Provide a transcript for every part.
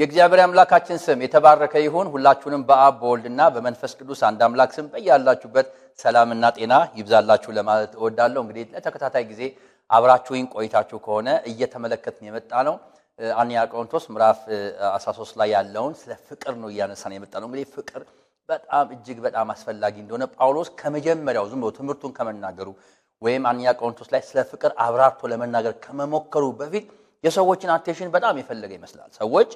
የእግዚአብሔር አምላካችን ስም የተባረከ ይሁን። ሁላችሁንም በአብ በወልድና በመንፈስ ቅዱስ አንድ አምላክ ስም በያላችሁበት ሰላምና ጤና ይብዛላችሁ ለማለት እወዳለሁ። እንግዲህ ለተከታታይ ጊዜ አብራችሁኝ ቆይታችሁ ከሆነ እየተመለከትን የመጣ ነው አንደኛ ቆሮንቶስ ምዕራፍ 13 ላይ ያለውን ስለ ፍቅር ነው እያነሳን የመጣ ነው። እንግዲህ ፍቅር በጣም እጅግ በጣም አስፈላጊ እንደሆነ ጳውሎስ ከመጀመሪያው ዝም ብሎ ትምህርቱን ከመናገሩ ወይም አንደኛ ቆሮንቶስ ላይ ስለ ፍቅር አብራርቶ ለመናገር ከመሞከሩ በፊት የሰዎችን አቴንሽን በጣም የፈለገ ይመስላል ሰዎች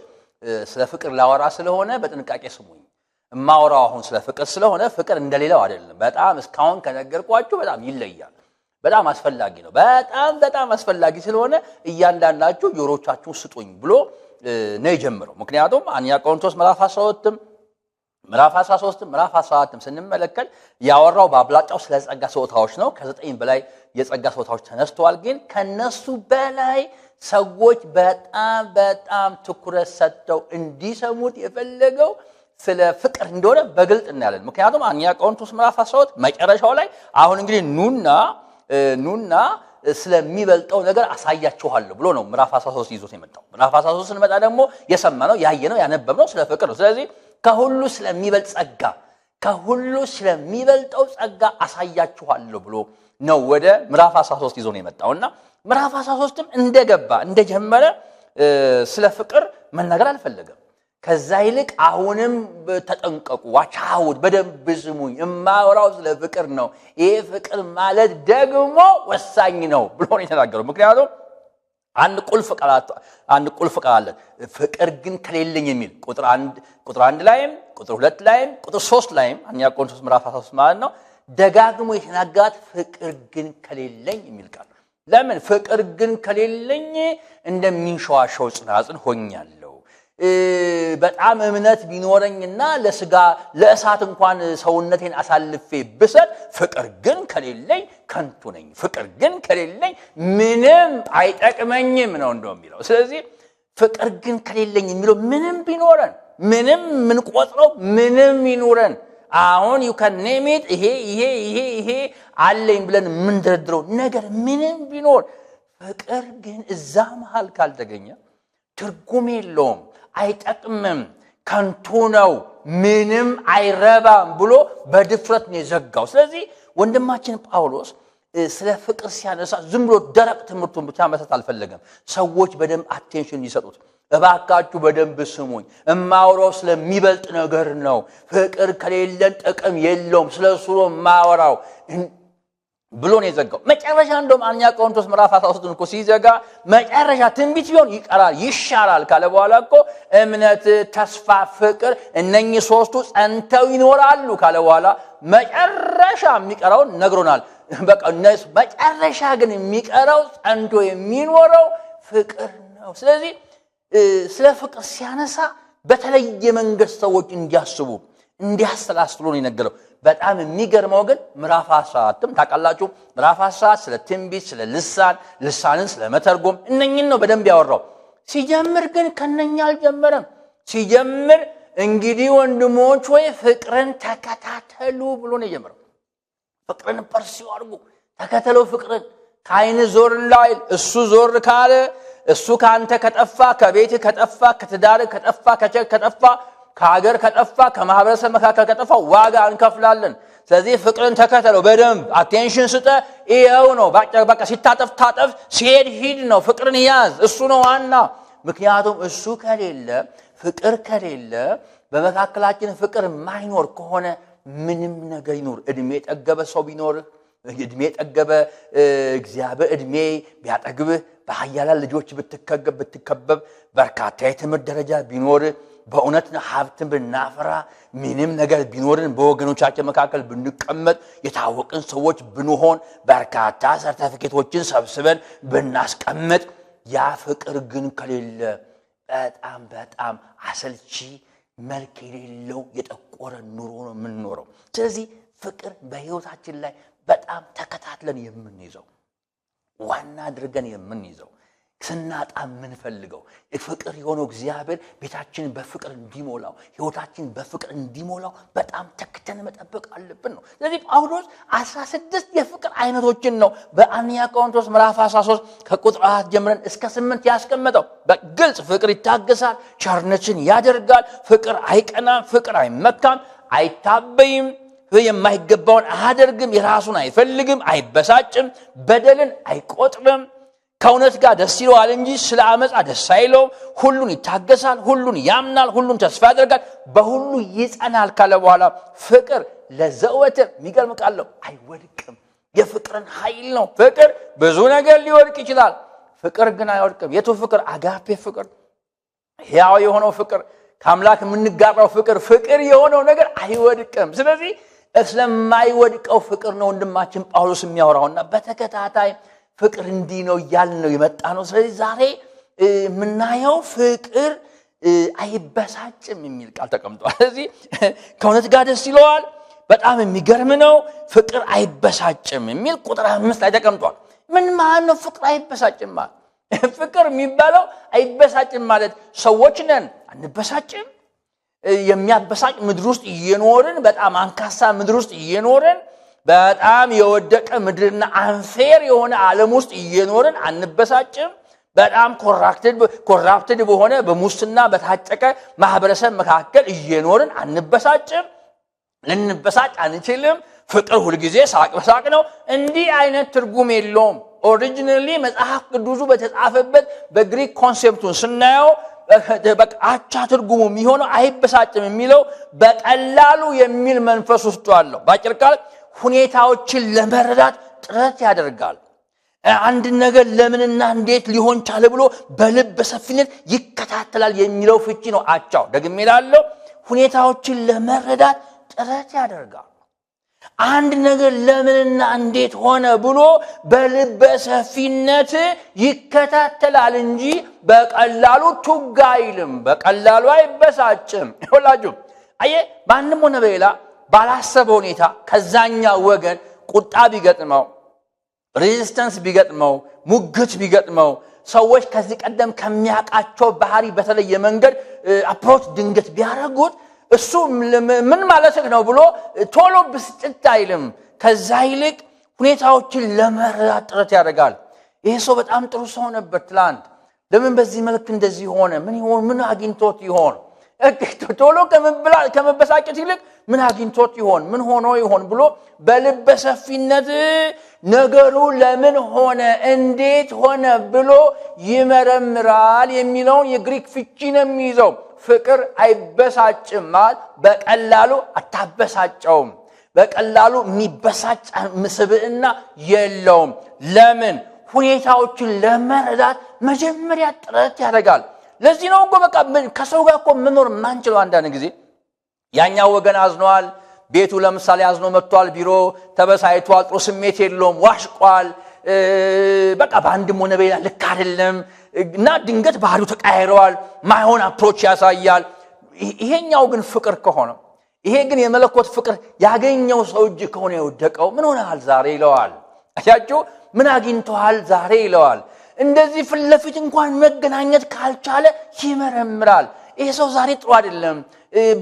ስለ ፍቅር ላወራ ስለሆነ በጥንቃቄ ስሙኝ። እማወራው አሁን ስለ ፍቅር ስለሆነ ፍቅር እንደሌላው አይደለም። በጣም እስካሁን ከነገርኳችሁ በጣም ይለያል። በጣም አስፈላጊ ነው። በጣም በጣም አስፈላጊ ስለሆነ እያንዳንዳችሁ ጆሮቻችሁን ስጡኝ ብሎ ነው የጀምረው። ምክንያቱም አንደኛ ቆሮንቶስ ምዕራፍ 12 ምዕራፍ 13 ምዕራፍ 14 ስንመለከት ያወራው በአብላጫው ስለ ጸጋ ስጦታዎች ነው። ከዘጠኝ በላይ የጸጋ ስጦታዎች ተነስተዋል። ግን ከነሱ በላይ ሰዎች በጣም በጣም ትኩረት ሰጥተው እንዲሰሙት የፈለገው ስለ ፍቅር እንደሆነ በግልጥ እናያለን። ምክንያቱም አንኛ ቆሮንቶስ ምዕራፍ 13 መጨረሻው ላይ አሁን እንግዲህ ኑና ኑና ስለሚበልጠው ነገር አሳያችኋለሁ ብሎ ነው ምዕራፍ 13 ይዞት የመጣው። ምዕራፍ 13 ስንመጣ ደግሞ የሰማነው ያየነው ያነበብነው ስለ ፍቅር ነው። ስለዚህ ከሁሉ ስለሚበልጥ ጸጋ ከሁሉ ስለሚበልጠው ጸጋ አሳያችኋለሁ ብሎ ነው ወደ ምዕራፍ 13 ይዞ ነው የመጣው እና ምዕራፍ 13ም እንደገባ እንደጀመረ ስለ ፍቅር መናገር አልፈለገም። ከዛ ይልቅ አሁንም ተጠንቀቁ፣ ዋቻውድ፣ በደንብ ስሙኝ፣ የማወራው ስለ ፍቅር ነው። ይሄ ፍቅር ማለት ደግሞ ወሳኝ ነው ብሎ ነው የተናገረው። ምክንያቱም አንድ ቁልፍ ቃላት አንድ ቁልፍ ቃል አለ ፍቅር ግን ከሌለኝ የሚል ቁጥር አንድ ቁጥር አንድ ላይም ቁጥር ሁለት ላይም ቁጥር ሶስት ላይም አንደኛ ቆሮንቶስ ምዕራፍ 13 ማለት ነው ደጋግሞ የተናጋት ፍቅር ግን ከሌለኝ የሚል ቃል ለምን ፍቅር ግን ከሌለኝ እንደሚንሸዋሸው ጽናጽን ሆኛለሁ። በጣም እምነት ቢኖረኝና ለስጋ ለእሳት እንኳን ሰውነቴን አሳልፌ ብሰጥ ፍቅር ግን ከሌለኝ ከንቱ ነኝ፣ ፍቅር ግን ከሌለኝ ምንም አይጠቅመኝም ነው እንደው የሚለው። ስለዚህ ፍቅር ግን ከሌለኝ የሚለው ምንም ቢኖረን ምንም ምንቆጥረው ምንም ይኑረን አሁን ዩከኔሜት ይሄ ይሄ ይሄ ይሄ አለኝ ብለን የምንደረድረው ነገር ምንም ቢኖር ፍቅር ግን እዛ መሃል ካልተገኘ ትርጉም የለውም፣ አይጠቅምም፣ ከንቱ ነው፣ ምንም አይረባም ብሎ በድፍረት ነው የዘጋው። ስለዚህ ወንድማችን ጳውሎስ ስለ ፍቅር ሲያነሳ ዝም ብሎ ደረቅ ትምህርቱን ብቻ መሰት አልፈለገም። ሰዎች በደንብ አቴንሽን ይሰጡት እባካችሁ በደንብ ስሙኝ፣ እማውራው ስለሚበልጥ ነገር ነው። ፍቅር ከሌለን ጥቅም የለውም። ስለ እሱ ነው እማወራው ብሎ ነው የዘጋው። መጨረሻ እንደውም አንደኛ ቆሮንቶስ ምዕራፍ 13 እኮ ሲዘጋ መጨረሻ ትንቢት ቢሆን ይቀራል ይሻላል ካለ በኋላ እኮ እምነት፣ ተስፋ፣ ፍቅር እነኚህ ሶስቱ ጸንተው ይኖራሉ ካለ በኋላ መጨረሻ የሚቀረውን ነግሮናል። በቃ መጨረሻ ግን የሚቀረው ጸንቶ የሚኖረው ፍቅር ነው። ስለዚህ ስለ ፍቅር ሲያነሳ በተለየ መንገድ ሰዎች እንዲያስቡ እንዲያሰላስሉ ነው የነገረው። በጣም የሚገርመው ግን ምዕራፍ 14 ታውቃላችሁ፣ ምዕራፍ 14 ስለ ትንቢት፣ ስለ ልሳን፣ ልሳንን ስለ መተርጎም እነኝን ነው በደንብ ያወራው። ሲጀምር ግን ከነኛ አልጀመረም። ሲጀምር እንግዲህ ወንድሞች ወይ ፍቅርን ተከታተሉ ብሎ ነው የጀመረው። ፍቅርን ፐርሲው አድርጉ፣ ተከተለው ፍቅርን ከአይን ዞር ላይል እሱ ዞር ካለ እሱ ከአንተ ከጠፋ ከቤት ከጠፋ ከትዳር ከጠፋ ከቸግ ከጠፋ ከሀገር ከጠፋ ከማህበረሰብ መካከል ከጠፋ ዋጋ እንከፍላለን። ስለዚህ ፍቅርን ተከተለው፣ በደንብ አቴንሽን ስጠ። ይኸው ነው በአጭር በቃ ሲታጠፍ ታጠፍ፣ ሲሄድ ሂድ ነው። ፍቅርን ያዝ፣ እሱ ነው ዋና። ምክንያቱም እሱ ከሌለ ፍቅር ከሌለ በመካከላችን ፍቅር ማይኖር ከሆነ ምንም ነገር ይኖር እድሜ ጠገበ ሰው ቢኖርህ እድሜ ጠገበ እግዚአብሔር እድሜ ቢያጠግብህ በሀያላን ልጆች ብትከገብ ብትከበብ በርካታ የትምህርት ደረጃ ቢኖርህ በእውነት ሀብትን ብናፈራ ምንም ነገር ቢኖርን በወገኖቻችን መካከል ብንቀመጥ የታወቅን ሰዎች ብንሆን በርካታ ሰርተፊኬቶችን ሰብስበን ብናስቀምጥ ያ ፍቅር ግን ከሌለ በጣም በጣም አሰልቺ መልክ የሌለው የጠቆረ ኑሮ ነው የምንኖረው። ስለዚህ ፍቅር በህይወታችን ላይ በጣም ተከታትለን የምንይዘው ዋና አድርገን የምንይዘው ስናጣ የምንፈልገው ፍቅር የሆነው እግዚአብሔር ቤታችንን በፍቅር እንዲሞላው ህይወታችንን በፍቅር እንዲሞላው በጣም ተክተን መጠበቅ አለብን ነው። ስለዚህ ጳውሎስ 16 የፍቅር አይነቶችን ነው በአንደኛ ቆሮንቶስ ምዕራፍ 13 ከቁጥር 4 ጀምረን እስከ ስምንት ያስቀመጠው። በግልጽ ፍቅር ይታገሳል፣ ቸርነችን ያደርጋል፣ ፍቅር አይቀናም፣ ፍቅር አይመካም፣ አይታበይም የማይገባውን አያደርግም፣ የራሱን አይፈልግም፣ አይበሳጭም፣ በደልን አይቆጥርም ከእውነት ጋር ደስ ይለዋል እንጂ ስለ አመፃ ደስ አይለውም። ሁሉን ይታገሳል፣ ሁሉን ያምናል፣ ሁሉን ተስፋ ያደርጋል፣ በሁሉ ይጸናል ካለ በኋላ ፍቅር ለዘወትር የሚገርም ቃል ነው፣ አይወድቅም። የፍቅርን ኃይል ነው። ፍቅር ብዙ ነገር ሊወድቅ ይችላል፣ ፍቅር ግን አይወድቅም። የቱ ፍቅር? አጋፔ ፍቅር፣ ሕያው የሆነው ፍቅር፣ ከአምላክ የምንጋራው ፍቅር፣ ፍቅር የሆነው ነገር አይወድቅም። ስለዚህ ስለማይወድቀው ፍቅር ነው ወንድማችን ጳውሎስ የሚያወራውና በተከታታይ ፍቅር እንዲህ ነው እያልን ነው የመጣ ነው። ስለዚህ ዛሬ የምናየው ፍቅር አይበሳጭም የሚል ቃል ተቀምጧል። ስለዚህ ከእውነት ጋር ደስ ይለዋል። በጣም የሚገርም ነው። ፍቅር አይበሳጭም የሚል ቁጥር አምስት ላይ ተቀምጧል። ምን ማለት ነው? ፍቅር አይበሳጭም ማለት ፍቅር የሚባለው አይበሳጭም ማለት ሰዎች ነን፣ አንበሳጭም። የሚያበሳጭ ምድር ውስጥ እየኖርን በጣም አንካሳ ምድር ውስጥ እየኖርን በጣም የወደቀ ምድርና አንፌር የሆነ ዓለም ውስጥ እየኖርን አንበሳጭም። በጣም ኮራፕትድ በሆነ በሙስና በታጨቀ ማህበረሰብ መካከል እየኖርን አንበሳጭም። ልንበሳጭ አንችልም። ፍቅር ሁልጊዜ ሳቅ በሳቅ ነው። እንዲህ አይነት ትርጉም የለውም። ኦሪጂናሊ መጽሐፍ ቅዱሱ በተጻፈበት በግሪክ ኮንሴፕቱን ስናየው አቻ ትርጉሙ የሚሆነው አይበሳጭም የሚለው በቀላሉ የሚል መንፈስ ውስጡ አለው። በአጭር ቃል ሁኔታዎችን ለመረዳት ጥረት ያደርጋል። አንድን ነገር ለምንና እንዴት ሊሆን ቻለ ብሎ በልብ በሰፊነት ይከታተላል የሚለው ፍቺ ነው አቻው። ደግሜ ላለው ሁኔታዎችን ለመረዳት ጥረት ያደርጋል። አንድ ነገር ለምንና እንዴት ሆነ ብሎ በልበ ሰፊነት ይከታተላል እንጂ በቀላሉ ቱጋ አይልም፣ በቀላሉ አይበሳጭም። ይሆላችሁ አየ ማንም ሆነ በሌላ ባላሰበ ሁኔታ ከዛኛ ወገን ቁጣ ቢገጥመው፣ ሬዚስተንስ ቢገጥመው፣ ሙግት ቢገጥመው ሰዎች ከዚህ ቀደም ከሚያውቃቸው ባህሪ በተለየ መንገድ አፕሮች ድንገት ቢያደርጉት እሱ ምን ማለትህ ነው ብሎ ቶሎ ብስጭት አይልም። ከዛ ይልቅ ሁኔታዎችን ለመረዳት ጥረት ያደርጋል። ይሄ ሰው በጣም ጥሩ ሰው ነበር ትላንት፣ ለምን በዚህ መልክ እንደዚህ ሆነ? ምን ይሆን? ምን አግኝቶት ይሆን? ቶሎ ከመበሳጨት ይልቅ ምን አግኝቶት ይሆን ምን ሆኖ ይሆን ብሎ በልበ ሰፊነት ነገሩ ለምን ሆነ እንዴት ሆነ ብሎ ይመረምራል የሚለውን የግሪክ ፍቺ ነው የሚይዘው። ፍቅር አይበሳጭም በቀላሉ አታበሳጨውም። በቀላሉ የሚበሳጭ ምስብእና የለውም። ለምን ሁኔታዎችን ለመረዳት መጀመሪያ ጥረት ያደርጋል። ለዚህ ነው እኮ በቃ ከሰው ጋር እኮ መኖር የማንችለው። አንዳንድ ጊዜ ያኛው ወገን አዝኗል፣ ቤቱ ለምሳሌ አዝኖ መጥቷል፣ ቢሮ ተበሳይቷል፣ ጥሩ ስሜት የለውም፣ ዋሽቋል፣ በቃ በአንድም ሆነ በሌላ ልክ አይደለም እና ድንገት ባህሪው ተቃይረዋል፣ ማይሆን አፕሮች ያሳያል። ይሄኛው ግን ፍቅር ከሆነ ይሄ ግን የመለኮት ፍቅር ያገኘው ሰው እጅ ከሆነ የወደቀው ምን ሆነሃል ዛሬ ይለዋል። አያችሁ ምን አግኝተዋል ዛሬ ይለዋል። እንደዚህ ፊት ለፊት እንኳን መገናኘት ካልቻለ ይመረምራል። ይሄ ሰው ዛሬ ጥሩ አይደለም፣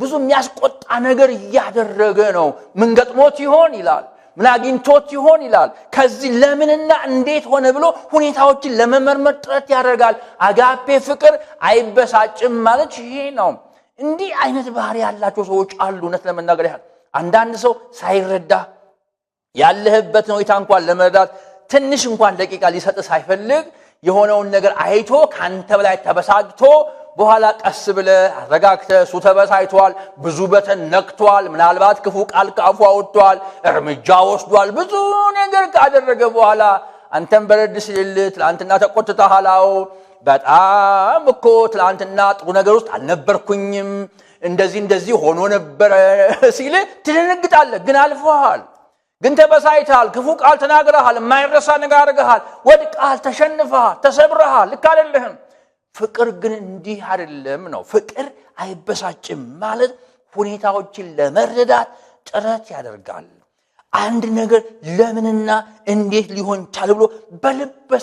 ብዙ የሚያስቆጣ ነገር እያደረገ ነው። ምን ገጥሞት ይሆን ይላል። ምን አግኝቶት ይሆን ይላል። ከዚህ ለምንና እንዴት ሆነ ብሎ ሁኔታዎችን ለመመርመር ጥረት ያደርጋል። አጋፔ ፍቅር አይበሳጭም ማለት ይሄ ነው። እንዲህ አይነት ባህሪ ያላቸው ሰዎች አሉ። እውነት ለመናገር ያህል አንዳንድ ሰው ሳይረዳ ያለህበትን ሁኔታ እንኳን ለመረዳት ትንሽ እንኳን ደቂቃ ሊሰጥ ሳይፈልግ የሆነውን ነገር አይቶ ከአንተ በላይ ተበሳጭቶ በኋላ ቀስ ብለ አረጋግተ እሱ ተበሳጭቷል፣ ብዙ በተን ነክቷል፣ ምናልባት ክፉ ቃል ካፉ አውጥቷል፣ እርምጃ ወስዷል፣ ብዙ ነገር ካደረገ በኋላ አንተን በረድ ስልል ትላንትና ተቆጥተሃላው በጣም እኮ ትላንትና ጥሩ ነገር ውስጥ አልነበርኩኝም፣ እንደዚህ እንደዚህ ሆኖ ነበረ ሲል ትደነግጣለህ፣ ግን አልፈሃል። ግን ተበሳይተሃል፣ ክፉ ቃል ተናግረሃል፣ የማይረሳ ነገር አድርገሃል፣ ወድቀሃል፣ ተሸንፈሃል፣ ተሰብረሃል፣ ልክ አይደለህም። ፍቅር ግን እንዲህ አይደለም ነው። ፍቅር አይበሳጭም ማለት ሁኔታዎችን ለመረዳት ጥረት ያደርጋል። አንድ ነገር ለምንና እንዴት ሊሆን ቻለ ብሎ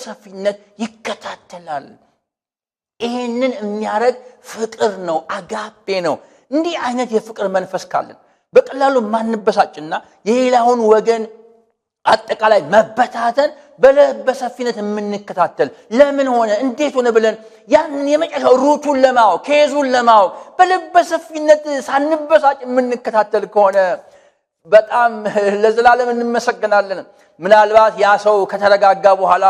ሰፊነት ይከታተላል። ይህንን የሚያደርግ ፍቅር ነው፣ አጋቤ ነው። እንዲህ አይነት የፍቅር መንፈስ ካለን በቀላሉ ማንበሳጭና የሌላውን ወገን አጠቃላይ መበታተን በለበሰፊነት የምንከታተል ለምን ሆነ እንዴት ሆነ ብለን ያንን የመጨረሻው ሩቱን ለማወቅ ኬዙን ለማወቅ በለበሰፊነት በሰፊነት ሳንበሳጭ የምንከታተል ከሆነ በጣም ለዘላለም እንመሰገናለን። ምናልባት ያ ሰው ከተረጋጋ በኋላ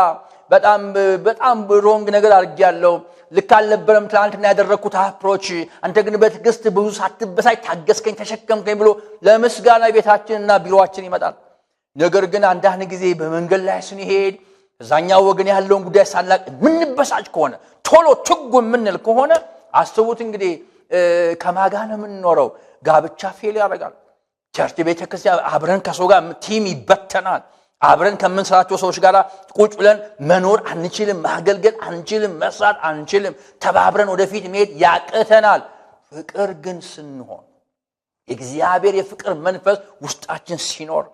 በጣም በጣም ሮንግ ነገር አድርጌያለሁ ልክ አልነበረም ትላንትና ያደረግኩት አፕሮች፣ አንተ ግን በትግስት ብዙ ሳትበሳይ ታገስከኝ፣ ተሸከምከኝ ብሎ ለምስጋና ቤታችንና ቢሮችን ይመጣል። ነገር ግን አንዳንድ ጊዜ በመንገድ ላይ ስንሄድ እዛኛ ወገን ያለውን ጉዳይ ሳላቅ የምንበሳጭ ከሆነ ቶሎ ትጉ የምንል ከሆነ አስቡት እንግዲህ ከማጋ ነው የምንኖረው። ጋብቻ ፌል ያደርጋል። ቸርች ቤተክርስቲያን አብረን ከሰው ጋር ቲም ይበተናል። አብረን ከምንሰራቸው ሰዎች ጋር ቁጭ ብለን መኖር አንችልም፣ ማገልገል አንችልም፣ መስራት አንችልም፣ ተባብረን ወደፊት መሄድ ያቅተናል። ፍቅር ግን ስንሆን የእግዚአብሔር የፍቅር መንፈስ ውስጣችን ሲኖር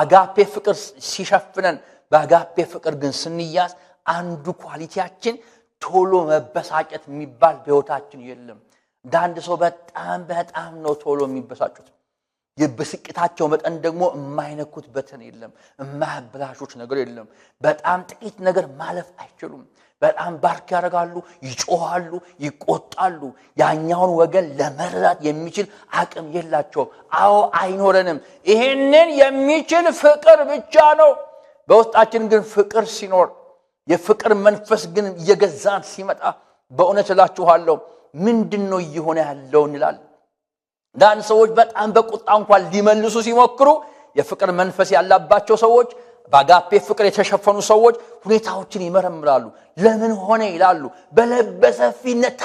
አጋፔ ፍቅር ሲሸፍነን፣ በአጋፔ ፍቅር ግን ስንያዝ አንዱ ኳሊቲያችን ቶሎ መበሳጨት የሚባል በሕይወታችን የለም። አንድ ሰው በጣም በጣም ነው ቶሎ የሚበሳጩት። በስቂታቸው መጠን ደግሞ የማይነኩት በተን የለም፣ የማያበላሹት ነገር የለም። በጣም ጥቂት ነገር ማለፍ አይችሉም። በጣም ባርክ ያደርጋሉ፣ ይጮኋሉ፣ ይቆጣሉ። ያኛውን ወገን ለመረዳት የሚችል አቅም የላቸውም። አዎ አይኖረንም። ይህንን የሚችል ፍቅር ብቻ ነው። በውስጣችን ግን ፍቅር ሲኖር የፍቅር መንፈስ ግን እየገዛን ሲመጣ በእውነት እላችኋለሁ ምንድን ነው እየሆነ ያለው እንላለን አንዳንድ ሰዎች በጣም በቁጣ እንኳን ሊመልሱ ሲሞክሩ የፍቅር መንፈስ ያላባቸው ሰዎች በአጋፔ ፍቅር የተሸፈኑ ሰዎች ሁኔታዎችን ይመረምራሉ። ለምን ሆነ ይላሉ። በለበሰፊነት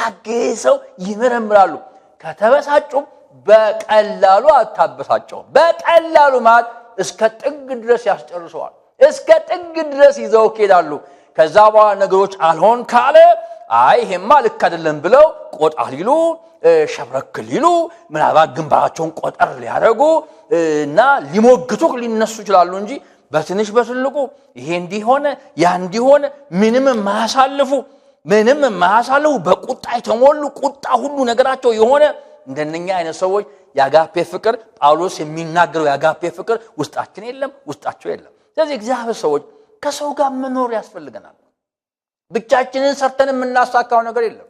ሰው ይመረምራሉ። ከተበሳጩም በቀላሉ አታበሳጨውም። በቀላሉ ማለት እስከ ጥግ ድረስ ያስጨርሰዋል። እስከ ጥግ ድረስ ይዘው ይሄዳሉ። ከዛ በኋላ ነገሮች አልሆን ካለ አይ ይሄማ ልክ አይደለም ብለው ቆጣ ሊሉ ሸብረክ ሊሉ ምናልባት ግንባራቸውን ቆጠር ሊያደርጉ እና ሊሞግቱ ሊነሱ ይችላሉ እንጂ በትንሽ በትልቁ ይሄ እንዲሆነ ያ እንዲሆነ ምንም ማያሳልፉ ምንም ማያሳልፉ በቁጣ የተሞሉ ቁጣ ሁሉ ነገራቸው የሆነ እንደነኛ አይነት ሰዎች የአጋፔ ፍቅር ጳውሎስ የሚናገረው የአጋፔ ፍቅር ውስጣችን የለም፣ ውስጣቸው የለም። ስለዚህ እግዚአብሔር ሰዎች ከሰው ጋር መኖር ያስፈልገናል። ብቻችንን ሰርተን የምናሳካው ነገር የለም።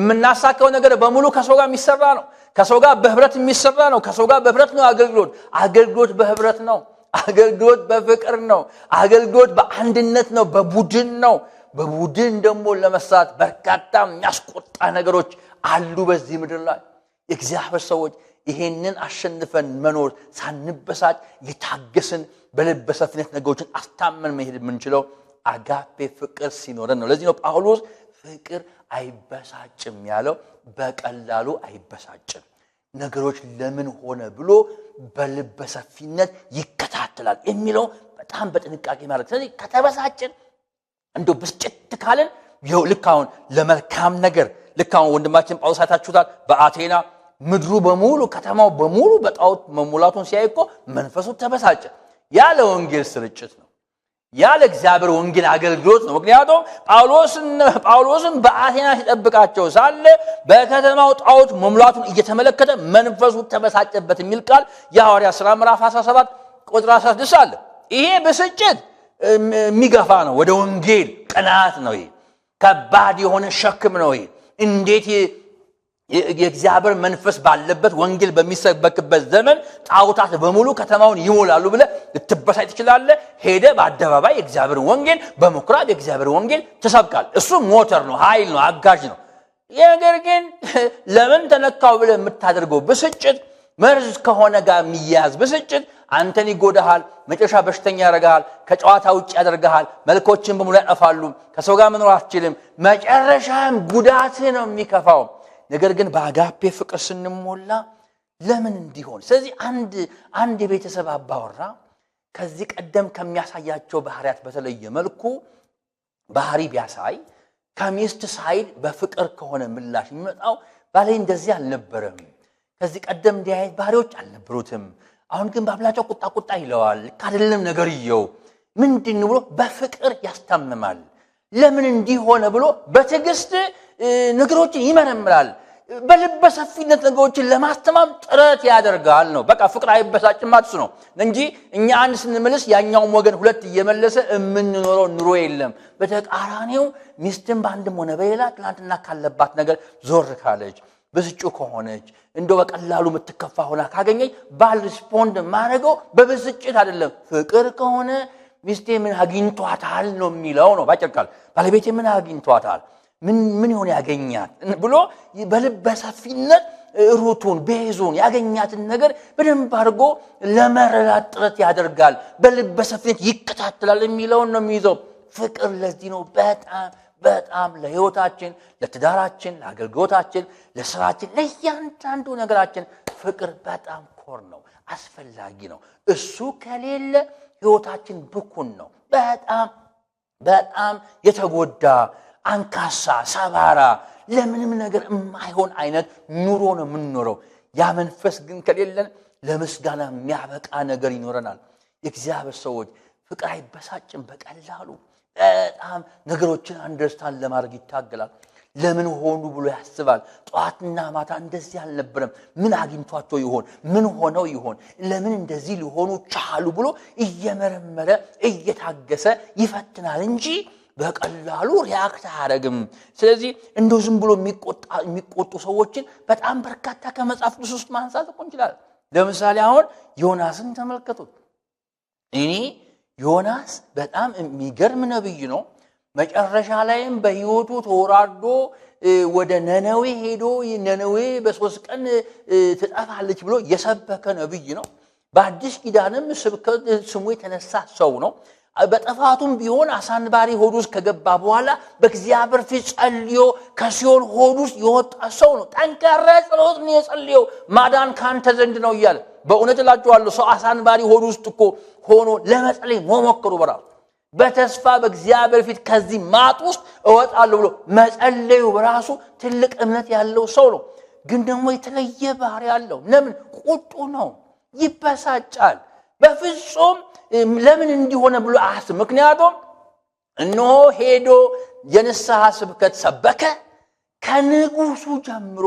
የምናሳካው ነገር በሙሉ ከሰው ጋር የሚሰራ ነው። ከሰው ጋር በህብረት የሚሰራ ነው። ከሰው ጋር በህብረት ነው አገልግሎት። አገልግሎት በህብረት ነው። አገልግሎት በፍቅር ነው። አገልግሎት በአንድነት ነው፣ በቡድን ነው። በቡድን ደግሞ ለመስራት በርካታ የሚያስቆጣ ነገሮች አሉ በዚህ ምድር ላይ። የእግዚአብሔር ሰዎች ይሄንን አሸንፈን መኖር ሳንበሳጭ የታገስን በልበ ነገሮችን አስታመን መሄድ የምንችለው አጋፔ ፍቅር ሲኖረን ነው። ለዚህ ነው ጳውሎስ ፍቅር አይበሳጭም ያለው። በቀላሉ አይበሳጭም፣ ነገሮች ለምን ሆነ ብሎ በልበሰፊነት ይከታተላል የሚለው በጣም በጥንቃቄ ማለት። ስለዚህ ከተበሳጭን እንዶ ብስጭት ካለን ልክ አሁን ለመልካም ነገር ልክ አሁን ወንድማችን ጳውሎስ አይታችሁታል። በአቴና ምድሩ በሙሉ ከተማው በሙሉ በጣዖት መሙላቱን ሲያይ እኮ መንፈሱ ተበሳጨ። ያለ ወንጌል ስርጭት ነው ያለ እግዚአብሔር ወንጌል አገልግሎት ነው። ምክንያቱም ጳውሎስን በአቴና ሲጠብቃቸው ሳለ በከተማው ጣዖት መሙላቱን እየተመለከተ መንፈሱ ተበሳጨበት የሚል ቃል የሐዋርያት ሥራ ምዕራፍ 17 ቁጥር 16 አለ። ይሄ ብስጭት የሚገፋ ነው፣ ወደ ወንጌል ቅናት ነው። ይሄ ከባድ የሆነ ሸክም ነው። ይሄ እንዴት የእግዚአብሔር መንፈስ ባለበት ወንጌል በሚሰበክበት ዘመን ጣውታት በሙሉ ከተማውን ይሞላሉ ብለ ልትበሳይ ትችላለ ሄደ በአደባባይ የእግዚአብሔር ወንጌል በምኩራብ የእግዚአብሔር ወንጌል ትሰብካለህ። እሱ ሞተር ነው፣ ኃይል ነው፣ አጋዥ ነው። ነገር ግን ለምን ተነካው ብለ የምታደርገው ብስጭት መርዝ ከሆነ ጋር የሚያያዝ ብስጭት አንተን ይጎዳሃል። መጨረሻ በሽተኛ ያደርግሃል። ከጨዋታ ውጭ ያደርግሃል። መልኮችን በሙሉ ያጠፋሉ። ከሰው ጋር መኖር አትችልም። መጨረሻም ጉዳት ነው የሚከፋው ነገር ግን በአጋፔ ፍቅር ስንሞላ ለምን እንዲሆን? ስለዚህ አንድ አንድ የቤተሰብ አባወራ ከዚህ ቀደም ከሚያሳያቸው ባህሪያት በተለየ መልኩ ባህሪ ቢያሳይ ከሚስት ሳይድ በፍቅር ከሆነ ምላሽ የሚመጣው ባላይ እንደዚህ አልነበረም፣ ከዚህ ቀደም እንዲህ አይነት ባህሪዎች አልነበሩትም፣ አሁን ግን በአብላጫው ቁጣ ቁጣ ይለዋል፣ ካደለም አይደለም ነገርየው ምንድን ብሎ በፍቅር ያስታምማል። ለምን እንዲሆነ ብሎ በትዕግስት ነገሮችን ይመረምራል። በልበ ሰፊነት ነገሮችን ለማስተማም ጥረት ያደርጋል ነው። በቃ ፍቅር አይበሳጭም ማለት ነው እንጂ እኛ አንድ ስንመልስ ያኛውም ወገን ሁለት እየመለሰ የምንኖረው ኑሮ የለም። በተቃራኒው ሚስትም በአንድም ሆነ በሌላ ትናንትና ካለባት ነገር ዞር ካለች፣ ብስጩ ከሆነች፣ እንደው በቀላሉ የምትከፋ ሆና ካገኘች ባል ሪስፖንድ ማድረገው በብስጭት አይደለም። ፍቅር ከሆነ ሚስቴ ምን አግኝቷታል ነው የሚለው ነው። ባጭር ቃል ባለቤቴ ምን አግኝቷታል ምን ይሆን ያገኛት ብሎ በልበሰፊነት ሩቱን ቤዙን ያገኛትን ነገር በደንብ አድርጎ ለመረዳት ጥረት ያደርጋል። በልበሰፊነት ይከታተላል የሚለውን ነው የሚይዘው። ፍቅር ለዚህ ነው በጣም በጣም ለህይወታችን ለትዳራችን፣ ለአገልግሎታችን፣ ለስራችን፣ ለእያንዳንዱ ነገራችን ፍቅር በጣም ኮር ነው፣ አስፈላጊ ነው። እሱ ከሌለ ህይወታችን ብኩን ነው። በጣም በጣም የተጎዳ አንካሳ፣ ሰባራ፣ ለምንም ነገር የማይሆን አይነት ኑሮ ነው የምንኖረው። ያ መንፈስ ግን ከሌለን ለምስጋና የሚያበቃ ነገር ይኖረናል። የእግዚአብሔር ሰዎች ፍቅር አይበሳጭም በቀላሉ በጣም ነገሮችን አንደርስታን ለማድረግ ይታገላል። ለምን ሆኑ ብሎ ያስባል። ጠዋትና ማታ እንደዚህ አልነበረም። ምን አግኝቷቸው ይሆን? ምን ሆነው ይሆን? ለምን እንደዚህ ሊሆኑ ቻሉ ብሎ እየመረመረ እየታገሰ ይፈትናል እንጂ በቀላሉ ሪያክት አያደረግም። ስለዚህ እንደ ዝም ብሎ የሚቆጡ ሰዎችን በጣም በርካታ ከመጽሐፍ ቅዱስ ውስጥ ማንሳት እኮ እንችላለን። ለምሳሌ አሁን ዮናስን ተመልከቱት። እኔ ዮናስ በጣም የሚገርም ነብይ ነው። መጨረሻ ላይም በህይወቱ ተወራዶ ወደ ነነዌ ሄዶ ነነዌ በሶስት ቀን ትጠፋለች ብሎ የሰበከ ነብይ ነው። በአዲስ ኪዳንም ስብከት ስሙ የተነሳ ሰው ነው። በጥፋቱም ቢሆን አሳንባሪ ሆድ ውስጥ ከገባ በኋላ በእግዚአብሔር ፊት ጸልዮ ከሲኦል ሆድ ውስጥ የወጣ ሰው ነው። ጠንካራ ጸሎት ነው የጸልየው። ማዳን ካንተ ዘንድ ነው እያለ በእውነት እላችኋለሁ ሰው አሳንባሪ ሆድ ውስጥ እኮ ሆኖ ለመጸለይ መሞከሩ በራሱ በተስፋ በእግዚአብሔር ፊት ከዚህ ማጥ ውስጥ እወጣለሁ ብሎ መጸለዩ በራሱ ትልቅ እምነት ያለው ሰው ነው። ግን ደግሞ የተለየ ባህሪ ያለው ለምን ቁጡ ነው፣ ይበሳጫል በፍጹም ለምን እንዲሆነ ብሎ አስ ምክንያቱም እነሆ ሄዶ የንስሐ ስብከት ሰበከ። ከንጉሱ ጀምሮ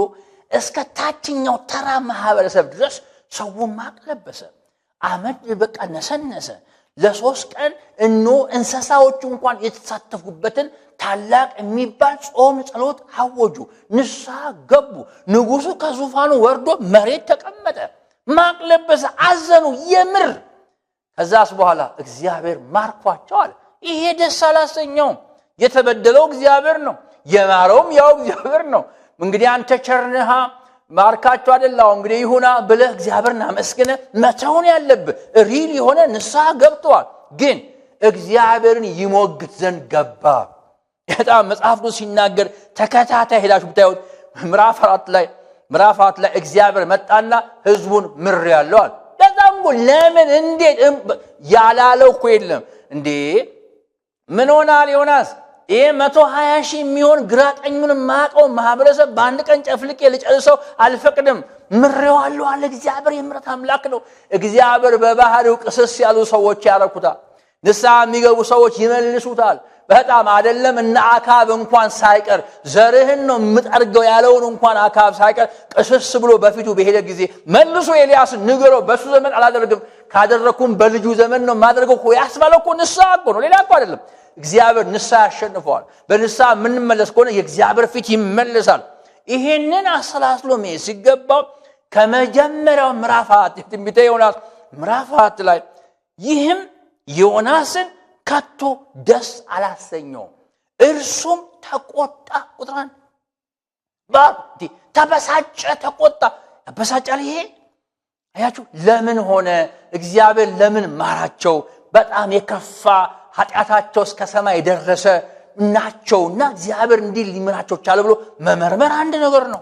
እስከ ታችኛው ተራ ማህበረሰብ ድረስ ሰው ማቅ ለበሰ፣ አመድ በቃ ነሰነሰ። ለሶስት ቀን እኖ እንስሳዎቹ እንኳን የተሳተፉበትን ታላቅ የሚባል ጾም ጸሎት አወጁ፣ ንስሐ ገቡ። ንጉሱ ከዙፋኑ ወርዶ መሬት ተቀመጠ፣ ማቅ ለበሰ፣ አዘኑ የምር ከዛስ በኋላ እግዚአብሔር ማርኳቸው አለ። ይሄ ደስ አላሰኘው የተበደለው እግዚአብሔር ነው፣ የማረውም ያው እግዚአብሔር ነው። እንግዲህ አንተ ቸርንሃ ማርካቸው አደላው እንግዲህ ይሁና ብለ እግዚአብሔር አመስግነ መተውን ያለብህ ሪል የሆነ ንስሐ ገብተዋል። ግን እግዚአብሔርን ይሞግት ዘንድ ገባ። በጣም መጽሐፍ ቅዱስ ሲናገር ተከታታይ ሄዳችሁ ብታዩት ምራፍ አራት ላይ ምራፍ አራት ላይ እግዚአብሔር መጣና ህዝቡን ምር ያለዋል ለምን እንዴት ያላለው እኮ የለም እንዴ። ምን ሆናል ዮናስ? ይሄ መቶ ሀያ ሺህ የሚሆን ግራ ቀኙን ማቀው ማህበረሰብ በአንድ ቀን ጨፍልቄ ልጨርሰው አልፈቅድም። ምሬዋለሁ አለ። እግዚአብሔር የምረት አምላክ ነው። እግዚአብሔር በባህሪው ቅስስ ያሉ ሰዎች ያረኩታል። ንስሐ የሚገቡ ሰዎች ይመልሱታል። በጣም አይደለም እነ አካብ እንኳን ሳይቀር ዘርህን ነው የምጠርገው ያለውን እንኳን አካብ ሳይቀር ቅስስ ብሎ በፊቱ በሄደ ጊዜ መልሶ ኤልያስ ንገረው፣ በሱ ዘመን አላደርግም ካደረግኩም በልጁ ዘመን ነው ማደርገው እኮ ያስባለው እኮ ንስሐ እኮ ነው፣ ሌላ እኮ አይደለም። እግዚአብሔር ንስሐ ያሸንፈዋል። በንስሐ የምንመለስ ከሆነ የእግዚአብሔር ፊት ይመለሳል። ይሄንን አሰላስሎ መሄድ ሲገባው ከመጀመሪያው ምዕራፍ አራት የትንቢተ ዮናስ ምዕራፍ አራት ላይ ይህም ዮናስን ከቶ ደስ አላሰኘው እርሱም ተቆጣ። ቁጥራን ተበሳጨ፣ ተቆጣ። ያበሳጫል ይሄ አያችሁ። ለምን ሆነ? እግዚአብሔር ለምን ማራቸው? በጣም የከፋ ኃጢአታቸው እስከ ሰማይ ደረሰ ናቸውና እግዚአብሔር እንዲህ ሊምራቸው ቻለ ብሎ መመርመር አንድ ነገር ነው።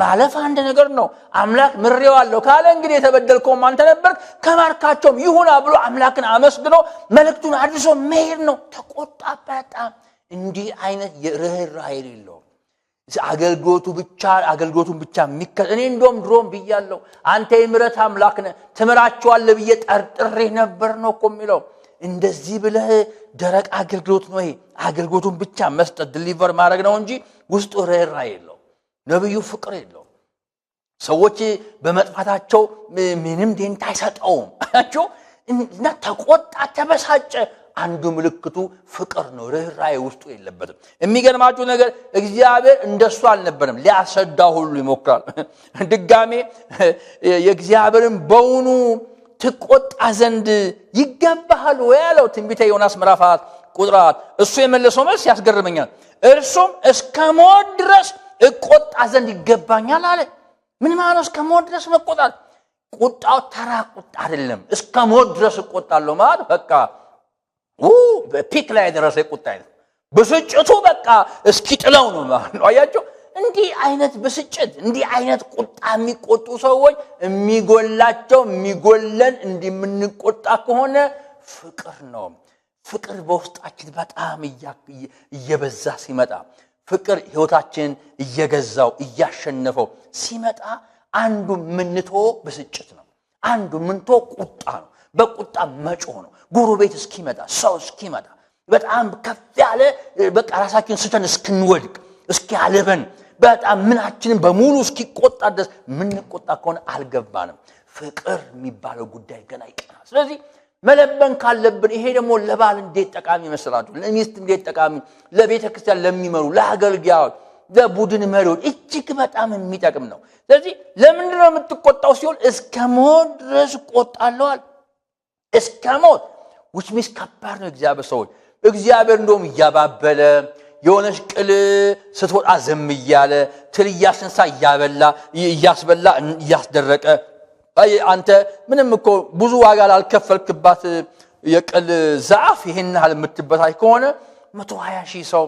ማለፍ አንድ ነገር ነው። አምላክ ምሬዋለሁ ካለ እንግዲህ የተበደልከውም አንተ ነበር ከማርካቸውም ይሁና ብሎ አምላክን አመስግኖ መልእክቱን አድርሶ መሄድ ነው። ተቆጣ በጣም እንዲህ አይነት ርኅራኄ የሌለውም አገልግሎቱ ብቻ አገልግሎቱን ብቻ የሚከል እኔ እንደውም ድሮም ብያለሁ አንተ የምረት አምላክ ነ ትምራቸዋለህ ብዬ ጠርጥሬ ነበር ነው እኮ የሚለው እንደዚህ ብለህ ደረቅ አገልግሎት ነው ይሄ አገልግሎቱን ብቻ መስጠት ድሊቨር ማድረግ ነው እንጂ ውስጡ ርኅራኄ የለው ነቢዩ ፍቅር የለውም። ሰዎች በመጥፋታቸው ምንም ደንታ አይሰጠውም አላቸው እና ተቆጣ፣ ተበሳጨ። አንዱ ምልክቱ ፍቅር ነው። ርኅራዬ ውስጡ የለበትም። የሚገርማችሁ ነገር እግዚአብሔር እንደሱ አልነበረም። ሊያሰዳ ሁሉ ይሞክራል። ድጋሜ የእግዚአብሔርን በውኑ ትቆጣ ዘንድ ይገባሃል ወይ ያለው ትንቢተ ዮናስ ምራፋት ቁጥራት እሱ የመለሰው መልስ ያስገርመኛል። እርሱም እስከ ሞት ድረስ እቆጣ ዘንድ ይገባኛል አለ። ምን ማለት እስከ ሞት ድረስ መቆጣት? ቁጣው ተራ ቁጣ አይደለም። እስከ ሞት ድረስ እቆጣለሁ ማለት በቃ ፒክ ላይ የደረሰ ቁጣ አይነት ብስጭቱ በቃ እስኪጥለው ነው ማለት ነው። አያቸው እንዲህ አይነት ብስጭት፣ እንዲህ አይነት ቁጣ የሚቆጡ ሰዎች የሚጎላቸው የሚጎለን እንዲህ የምንቆጣ ከሆነ ፍቅር ነው። ፍቅር በውስጣችን በጣም እየበዛ ሲመጣ ፍቅር ህይወታችንን እየገዛው እያሸነፈው ሲመጣ አንዱ ምንቶ ብስጭት ነው። አንዱ ምንቶ ቁጣ ነው። በቁጣ መጮ ነው። ጎረቤት እስኪመጣ፣ ሰው እስኪመጣ በጣም ከፍ ያለ በቃ ራሳችን ስተን እስክንወድቅ እስኪያለበን በጣም ምናችንን በሙሉ እስኪቆጣ ድረስ ምንቆጣ ከሆነ አልገባንም። ፍቅር የሚባለው ጉዳይ ገና ይቀናል። ስለዚህ መለበን ካለብን ይሄ ደግሞ ለባል እንዴት ጠቃሚ ይመስላችሁ? ለሚስት እንዴት ጠቃሚ፣ ለቤተ ክርስቲያን ለሚመሩ፣ ለአገልጋዮች፣ ለቡድን መሪዎች እጅግ በጣም የሚጠቅም ነው። ስለዚህ ለምንድን ነው የምትቆጣው? ሲሆን እስከ ሞት ድረስ ቆጣለዋል። እስከ ሞት ውች ሚስ ከባድ ነው። እግዚአብሔር ሰዎች እግዚአብሔር እንደም እያባበለ የሆነች ቅል ስትወጣ ዘም እያለ ትል እያስነሳ እያበላ እያስበላ እያስደረቀ አይ አንተ ምንም እኮ ብዙ ዋጋ ላልከፈልክባት የቅል ዛፍ ይህን ያህል የምትበሳጭ ከሆነ መቶ ሀያ ሺህ ሰው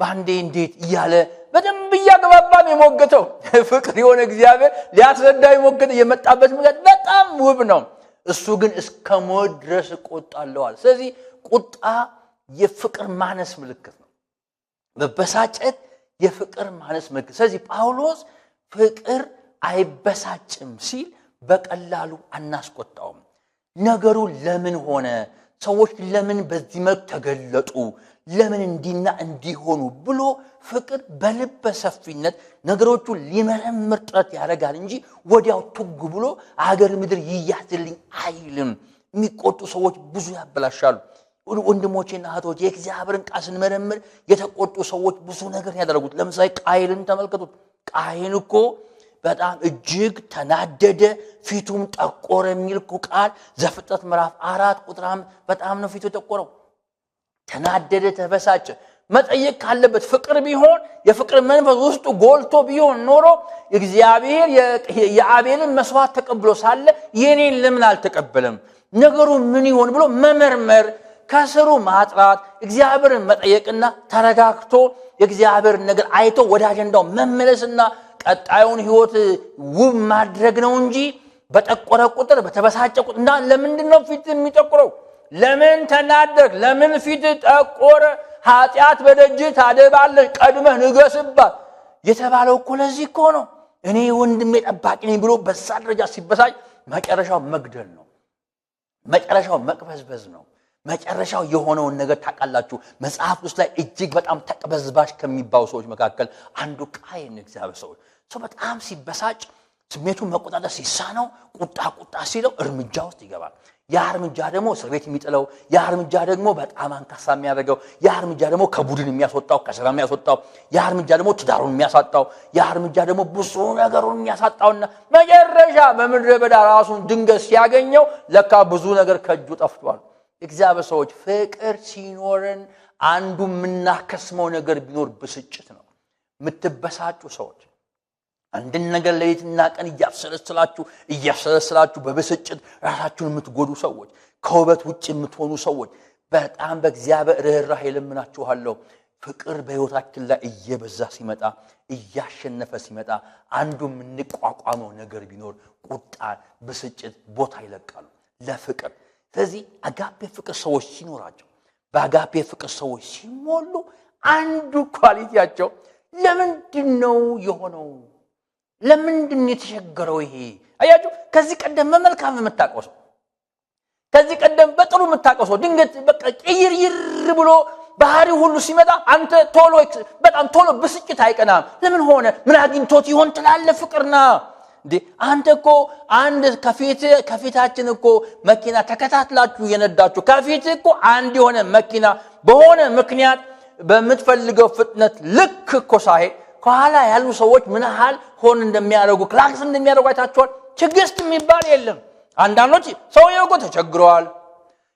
በአንዴ እንዴት እያለ በደንብ እያገባባ የሞገተው። ፍቅር የሆነ እግዚአብሔር ሊያስረዳ የሞገተ የመጣበት ምክንያት በጣም ውብ ነው። እሱ ግን እስከ ሞት ድረስ እቆጣለዋል። ስለዚህ ቁጣ የፍቅር ማነስ ምልክት ነው። መበሳጨት የፍቅር ማነስ ምልክት። ስለዚህ ጳውሎስ ፍቅር አይበሳጭም ሲል በቀላሉ አናስቆጣውም። ነገሩ ለምን ሆነ፣ ሰዎች ለምን በዚህ መልክ ተገለጡ፣ ለምን እንዲና እንዲሆኑ ብሎ ፍቅር በልበ ሰፊነት ነገሮቹ ሊመረምር ጥረት ያደርጋል እንጂ ወዲያው ቱግ ብሎ አገር ምድር ይያዝልኝ አይልም። የሚቆጡ ሰዎች ብዙ ያበላሻሉ። ወንድሞቼና እህቶች የእግዚአብሔርን ቃል ስንመረምር የተቆጡ ሰዎች ብዙ ነገር ያደረጉት። ለምሳሌ ቃይልን ተመልከቱት። ቃይን እኮ በጣም እጅግ ተናደደ፣ ፊቱም ጠቆረ የሚል ቃል ዘፍጥረት ምዕራፍ አራት ቁጥር በጣም ነው ፊቱ ጠቆረው። ተናደደ፣ ተበሳጨ። መጠየቅ ካለበት ፍቅር ቢሆን የፍቅር መንፈስ ውስጡ ጎልቶ ቢሆን ኖሮ እግዚአብሔር የአቤልን መስዋዕት ተቀብሎ ሳለ የኔን ለምን አልተቀበለም? ነገሩ ምን ይሆን ብሎ መመርመር ከስሩ ማጥራት እግዚአብሔርን መጠየቅና ተረጋግቶ የእግዚአብሔርን ነገር አይቶ ወደ አጀንዳው መመለስና ቀጣዩን ህይወት ውብ ማድረግ ነው እንጂ በጠቆረ ቁጥር በተበሳጨ ቁጥር እና ለምንድን ነው ፊት የሚጠቁረው? ለምን ተናደርክ? ለምን ፊት ጠቆረ? ኃጢአት በደጅ ታደባለች፣ ቀድመህ ንገስባት የተባለው እኮ ለዚህ እኮ ነው። እኔ ወንድሜ ጠባቂ ነኝ ብሎ በዛ ደረጃ ሲበሳጭ መጨረሻው መግደል ነው። መጨረሻው መቅበዝበዝ ነው። መጨረሻው የሆነውን ነገር ታቃላችሁ መጽሐፍ ውስጥ ላይ እጅግ በጣም ተቅበዝባሽ ከሚባሉ ሰዎች መካከል አንዱ ቃየን እግዚአብሔር ሰዎች ሰው በጣም ሲበሳጭ ስሜቱን መቆጣጠር ሲሳነው ቁጣ ቁጣ ሲለው እርምጃ ውስጥ ይገባል። ያ እርምጃ ደግሞ እስር ቤት የሚጥለው፣ ያ እርምጃ ደግሞ በጣም አንካሳ የሚያደርገው፣ ያ እርምጃ ደግሞ ከቡድን የሚያስወጣው፣ ከስራ የሚያስወጣው፣ ያ እርምጃ ደግሞ ትዳሩን የሚያሳጣው፣ ያ እርምጃ ደግሞ ብዙ ነገሩን የሚያሳጣውና መጨረሻ በምድረ በዳ ራሱን ድንገት ሲያገኘው ለካ ብዙ ነገር ከእጁ ጠፍቷል። እግዚአብሔር ሰዎች ፍቅር ሲኖረን አንዱ የምናከስመው ነገር ቢኖር ብስጭት ነው። የምትበሳጩ ሰዎች አንድን ነገር ለሌትና ቀን እያብሰለስላችሁ እያብሰለስላችሁ በብስጭት ራሳችሁን የምትጎዱ ሰዎች፣ ከውበት ውጭ የምትሆኑ ሰዎች በጣም በእግዚአብሔር ርኅራኄ እለምናችኋለሁ። ፍቅር በሕይወታችን ላይ እየበዛ ሲመጣ እያሸነፈ ሲመጣ አንዱ የምንቋቋመው ነገር ቢኖር ቁጣ ብስጭት ቦታ ይለቃሉ ለፍቅር። ስለዚህ አጋፔ ፍቅር ሰዎች ሲኖራቸው በአጋፔ ፍቅር ሰዎች ሲሞሉ አንዱ ኳሊቲያቸው ለምንድን ነው የሆነው? ለምንድን የተቸገረው ይሄ? አያችሁ፣ ከዚህ ቀደም በመልካም የምታውቀው ሰው ከዚህ ቀደም በጥሩ የምታውቀው ሰው ድንገት በቃ ቅይርይር ብሎ ባህሪ ሁሉ ሲመጣ አንተ ቶሎ በጣም ቶሎ ብስጭት አይቀናም። ለምን ሆነ ምን አግኝቶት ይሆን ትላለህ። ፍቅርና እንዴ አንተ እኮ አንድ ከፊታችን እኮ መኪና ተከታትላችሁ የነዳችሁ ከፊት እኮ አንድ የሆነ መኪና በሆነ ምክንያት በምትፈልገው ፍጥነት ልክ እኮ ሳሄ ከኋላ ያሉ ሰዎች ምን ያህል ሆን እንደሚያደርጉ ክላክስ እንደሚያደርጉ አይታችኋል። ችግስት የሚባል የለም። አንዳንዶች ሰው እኮ ተቸግረዋል፣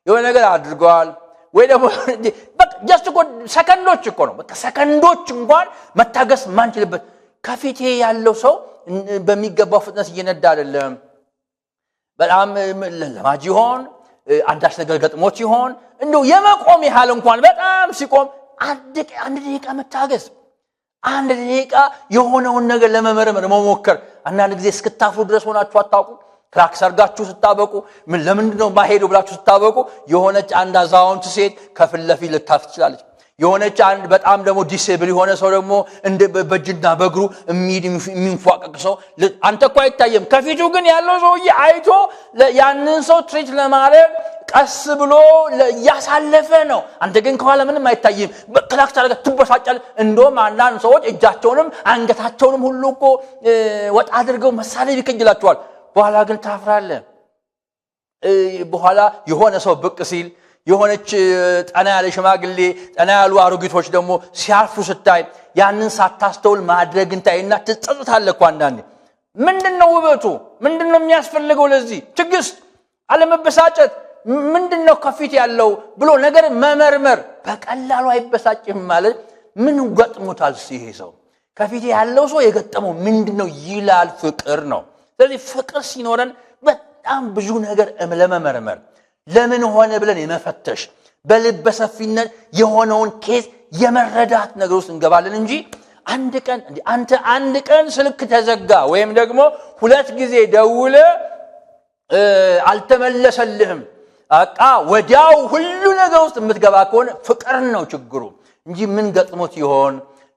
የሆነ ነገር አድርገዋል ወይ ደግሞ ጀስት ሰከንዶች እኮ ነው፣ በቃ ሰከንዶች እንኳን መታገስ ማንችልበት። ከፊቴ ያለው ሰው በሚገባው ፍጥነት እየነዳ አይደለም። በጣም ለማጅ ይሆን አንዳች ነገር ገጥሞት ይሆን እንዲሁ የመቆም ያህል እንኳን በጣም ሲቆም አንድ ደቂቃ መታገስ አንድ ደቂቃ የሆነውን ነገር ለመመርመር መሞከር። አንዳንድ ጊዜ እስክታፍሩ ድረስ ሆናችሁ አታውቁ። ክላክስ ሰርጋችሁ ስታበቁ ምን ለምንድን ነው ማሄዱ ብላችሁ ስታበቁ የሆነች አንድ አዛውንት ሴት ከፊት ለፊት ልታፍ ትችላለች። የሆነች አንድ በጣም ደግሞ ዲስብል የሆነ ሰው ደግሞ እንደ በእጅና በእግሩ የሚንፏቀቅ ሰው አንተ እኳ አይታየም። ከፊቱ ግን ያለው ሰውዬ አይቶ ያንን ሰው ትሪት ለማድረግ ቀስ ብሎ እያሳለፈ ነው። አንተ ግን ከኋላ ምንም አይታይም። በክላክ አደረገ ትበሳጫል። እንደውም አንዳንድ ሰዎች እጃቸውንም አንገታቸውንም ሁሉ እኮ ወጣ አድርገው መሳሌ ይከጅላቸዋል። በኋላ ግን ታፍራለ በኋላ የሆነ ሰው ብቅ ሲል የሆነች ጠና ያለ ሽማግሌ ጠና ያሉ አሮጊቶች ደግሞ ሲያርፉ ስታይ ያንን ሳታስተውል ማድረግን ታይና ትጸጥታለህ እኮ አንዳንዴ። ምንድን ነው ውበቱ? ምንድን ነው የሚያስፈልገው? ለዚህ ትዕግስት፣ አለመበሳጨት ምንድን ነው ከፊት ያለው ብሎ ነገር መመርመር፣ በቀላሉ አይበሳጭም ማለት ምን ገጥሞታል ይሄ ሰው ከፊት ያለው ሰው የገጠመው ምንድን ነው ይላል። ፍቅር ነው። ስለዚህ ፍቅር ሲኖረን በጣም ብዙ ነገር ለመመርመር ለምን ሆነ ብለን የመፈተሽ በልበሰፊነት የሆነውን ኬዝ የመረዳት ነገር ውስጥ እንገባለን እንጂ አንድ ቀን አንተ አንድ ቀን ስልክ ተዘጋ ወይም ደግሞ ሁለት ጊዜ ደውለ አልተመለሰልህም በቃ ወዲያው ሁሉ ነገር ውስጥ የምትገባ ከሆነ ፍቅር ነው ችግሩ እንጂ ምን ገጥሞት ይሆን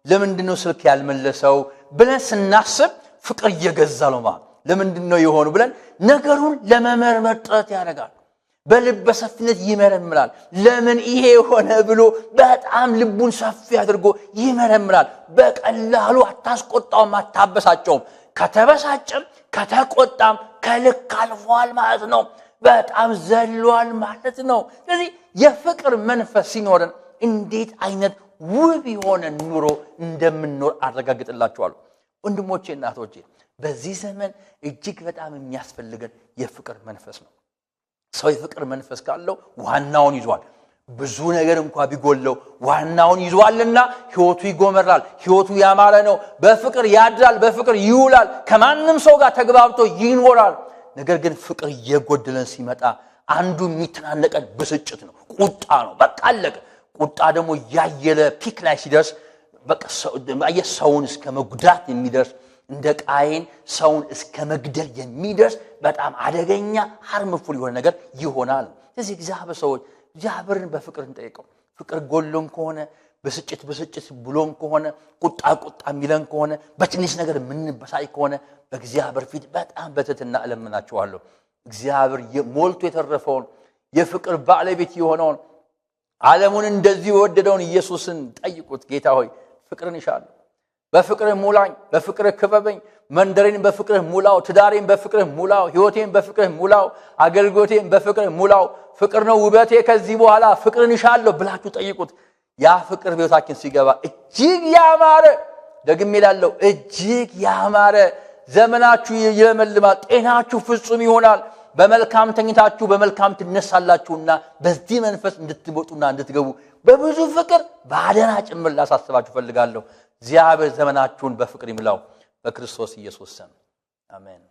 ለምንድነው ስልክ ያልመለሰው ብለን ስናስብ ፍቅር እየገዛ ነው ማ ለምንድን ነው የሆኑ ብለን ነገሩን ለመመርመር ጥረት ያደርጋል በልበ ሰፊነት ይመረምራል። ለምን ይሄ የሆነ ብሎ በጣም ልቡን ሰፊ አድርጎ ይመረምራል። በቀላሉ አታስቆጣውም፣ አታበሳጨውም። ከተበሳጨም ከተቆጣም ከልክ አልፏል ማለት ነው። በጣም ዘሏል ማለት ነው። ስለዚህ የፍቅር መንፈስ ሲኖረን እንዴት አይነት ውብ የሆነ ኑሮ እንደምንኖር አረጋግጥላችኋለሁ። ወንድሞቼ፣ እናቶቼ በዚህ ዘመን እጅግ በጣም የሚያስፈልገን የፍቅር መንፈስ ነው። ሰው የፍቅር መንፈስ ካለው ዋናውን ይዟል። ብዙ ነገር እንኳ ቢጎለው ዋናውን ይዟልና ሕይወቱ ይጎመራል። ሕይወቱ ያማረ ነው። በፍቅር ያድራል፣ በፍቅር ይውላል። ከማንም ሰው ጋር ተግባብቶ ይኖራል። ነገር ግን ፍቅር እየጎደለን ሲመጣ አንዱ የሚተናነቀን ብስጭት ነው፣ ቁጣ ነው። በቃ አለቀ። ቁጣ ደግሞ ያየለ ፒክ ላይ ሲደርስ ሰውን እስከ መጉዳት የሚደርስ እንደ ቃይን ሰውን እስከ መግደል የሚደርስ በጣም አደገኛ ሀርምፉል የሆነ ነገር ይሆናል። ስለዚህ እግዚአብሔር ሰዎች እግዚአብሔርን በፍቅር እንጠይቀው። ፍቅር ጎሎን ከሆነ ብስጭት ብስጭት ብሎም ከሆነ ቁጣ ቁጣ የሚለን ከሆነ በትንሽ ነገር የምንበሳይ ከሆነ በእግዚአብሔር ፊት በጣም በትህትና እለምናችኋለሁ። እግዚአብሔር ሞልቶ የተረፈውን የፍቅር ባለቤት የሆነውን ዓለሙን እንደዚህ የወደደውን ኢየሱስን ጠይቁት። ጌታ ሆይ ፍቅርን ይሻለሁ፣ በፍቅርህ ሙላኝ፣ በፍቅርህ ክበበኝ፣ መንደሬን በፍቅርህ ሙላው፣ ትዳሬን በፍቅርህ ሙላው፣ ሕይወቴን በፍቅርህ ሙላው፣ አገልግሎቴን በፍቅርህ ሙላው፣ ፍቅር ነው ውበቴ፣ ከዚህ በኋላ ፍቅርን ይሻለሁ ብላችሁ ጠይቁት። ያ ፍቅር ቤታችን ሲገባ እጅግ ያማረ ደግሜ ላለው እጅግ ያማረ ዘመናችሁ ይለመልማል፣ ጤናችሁ ፍጹም ይሆናል። በመልካም ተኝታችሁ በመልካም ትነሳላችሁና በዚህ መንፈስ እንድትወጡና እንድትገቡ በብዙ ፍቅር በአደራ ጭምር ላሳስባችሁ እፈልጋለሁ። እግዚአብሔር ዘመናችሁን በፍቅር ይምላው በክርስቶስ ኢየሱስ ስም አሜን።